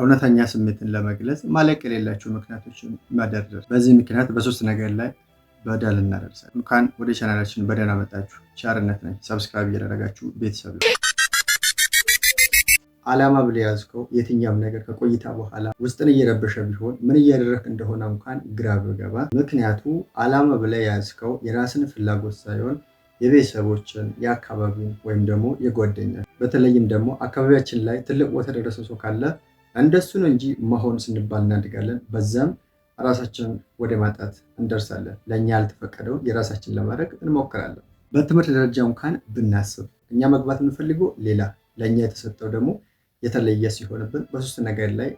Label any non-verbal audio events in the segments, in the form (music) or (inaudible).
እውነተኛ ስሜትን ለመግለጽ ማለቅ የሌላቸው ምክንያቶችን መደርደር። በዚህ ምክንያት በሶስት ነገር ላይ በደል እናደርሳል። እንኳን ወደ ቻናላችን በደህና መጣችሁ። ቻርነት ነኝ። ሰብስክራይብ እያደረጋችሁ ቤተሰብ አላማ ብለህ ያዝከው የትኛም ነገር ከቆይታ በኋላ ውስጥን እየረበሸ ቢሆን ምን እያደረክ እንደሆነ እንኳን ግራ ብገባ፣ ምክንያቱ አላማ ብለህ ያዝከው የራስን ፍላጎት ሳይሆን የቤተሰቦችን፣ የአካባቢን ወይም ደግሞ የጓደኛ በተለይም ደግሞ አካባቢያችን ላይ ትልቅ ቦታ ደረሰ ሰው ካለ እንደሱ ነው እንጂ መሆን ስንባል እናድጋለን። በዛም ራሳችንን ወደ ማጣት እንደርሳለን። ለእኛ ያልተፈቀደውን የራሳችን ለማድረግ እንሞክራለን። በትምህርት ደረጃ እንኳን ብናስብ እኛ መግባት የምንፈልገው ሌላ፣ ለእኛ የተሰጠው ደግሞ የተለየ ሲሆንብን በሶስት ነገር ላይ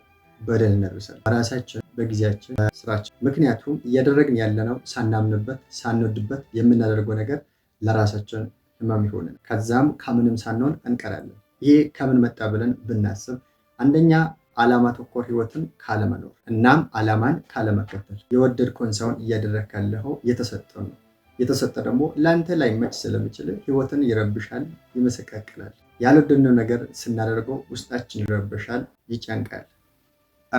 በደል እንደርሳለን። በራሳችን፣ በጊዜያችን፣ በስራችን። ምክንያቱም እያደረግን ያለነው ሳናምንበት፣ ሳንወድበት የምናደርገው ነገር ለራሳችን ህመም ይሆንን። ከዛም ከምንም ሳንሆን እንቀራለን። ይሄ ከምን መጣ ብለን ብናስብ አንደኛ ዓላማ ተኮር ህይወትን ካለመኖር እናም ዓላማን ካለመከተል የወደድከውን ሳይሆን እያደረግ ካለው የተሰጠ ነው። የተሰጠ ደግሞ ለአንተ ላይመች ስለሚችል ህይወትን ይረብሻል፣ ይመሰቃቅላል። ያልወደድነው ነገር ስናደርገው ውስጣችን ይረብሻል፣ ይጨንቃል።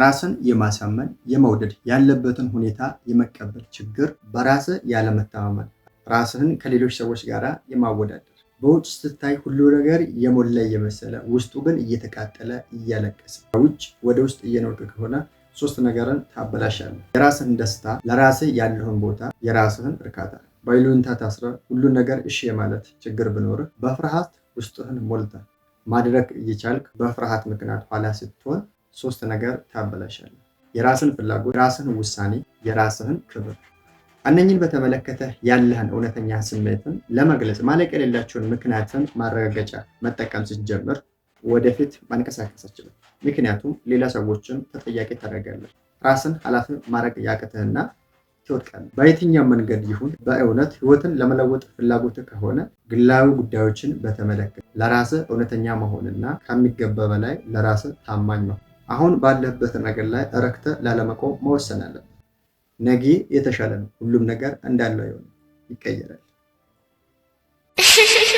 ራስን የማሳመን የመውደድ ያለበትን ሁኔታ የመቀበል ችግር፣ በራስ ያለመተማመን፣ ራስህን ከሌሎች ሰዎች ጋር የማወዳደር በውጭ ስታይ ሁሉ ነገር የሞላ እየመሰለ ውስጡ ግን እየተቃጠለ እያለቀሰ ውጭ ወደ ውስጥ እየኖርክ ከሆነ ሶስት ነገርን ታበላሻለህ። የራስህን ደስታ፣ ለራስህ ያለህን ቦታ፣ የራስህን እርካታ። በይሉኝታ ታስረ ሁሉን ነገር እሺ የማለት ችግር ቢኖርህ በፍርሃት ውስጥህን ሞልተ ማድረግ እየቻልክ በፍርሃት ምክንያት ኋላ ስትሆን ሶስት ነገር ታበላሻለህ። የራስን ፍላጎት፣ የራስህን ውሳኔ፣ የራስህን ክብር እነኝን በተመለከተ ያለህን እውነተኛ ስሜትን ለመግለጽ ማለቅ የሌላቸውን ምክንያትን ማረጋገጫ መጠቀም ስትጀምር ወደፊት ማንቀሳቀስ አችልም። ምክንያቱም ሌላ ሰዎችን ተጠያቂ ታደርጋለህ። ራስን ኃላፊ ማድረግ ያቅትህና ትወድቃለህ። በየትኛው መንገድ ይሁን በእውነት ህይወትን ለመለወጥ ፍላጎት ከሆነ ግላዊ ጉዳዮችን በተመለከተ ለራስ እውነተኛ መሆንና ከሚገባ በላይ ለራስ ታማኝ መሆን አሁን ባለበት ነገር ላይ ረክተ ላለመቆም መወሰን ነገ የተሻለ ነው። ሁሉም ነገር እንዳለው ይሆናል፣ ይቀየራል። (laughs)